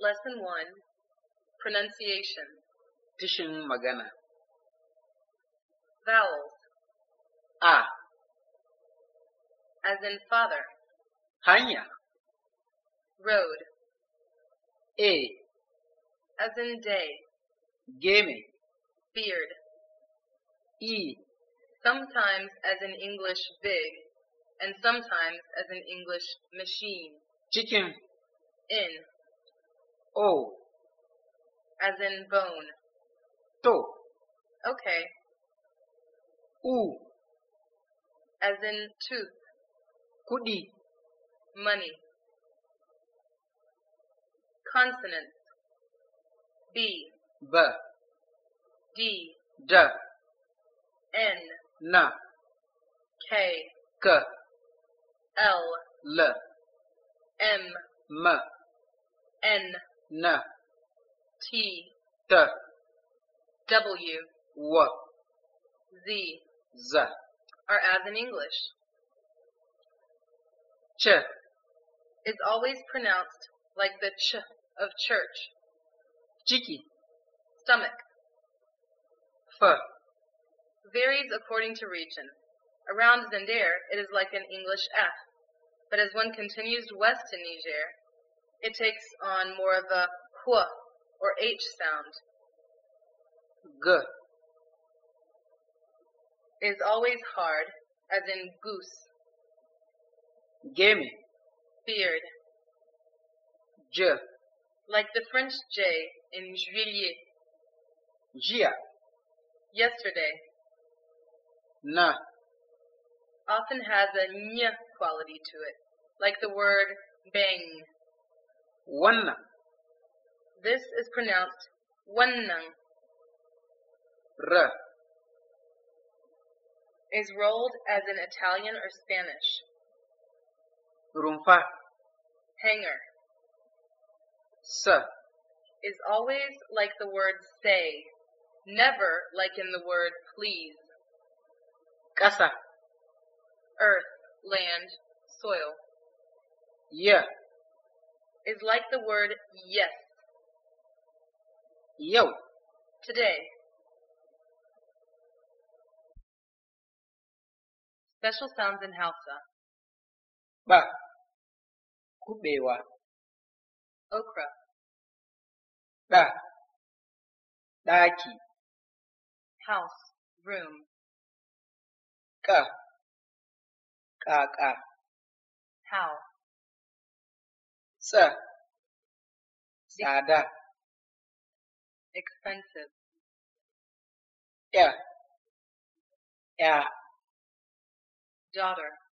Lesson 1 Pronunciation Tishin Magana Vowels A As in father Hanya Road A As in day Game Beard E Sometimes as in English big and sometimes as in English machine Chicken In O. Oh. As in bone. To. Okay. U. As in tooth. Kudi. Money. Consonants. B. B. D. D. N. N. K. K. L. L. M. M. N n t t w w z z are as in English. Ch is always pronounced like the ch of church. Jiki stomach. F varies according to region. Around Zinder, it is like an English F, but as one continues west to Niger, it takes on more of a hua or h sound. G is always hard, as in goose. Gamey. Beard. J. Like the French J in juillet. Gia. Yesterday. Na. Often has a ny quality to it, like the word bang wannan this is pronounced wannan r is rolled as in Italian or Spanish rumfa hanger s is always like the word say never like in the word please casa earth land soil yeah is like the word yes. Yo. Today. Special sounds in Hausa. Ba. Kubewa. Okra. Da. Daki. House. Room. Ka. Ka ka. How sir. Sada. Expensive. Yeah. Yeah. Daughter.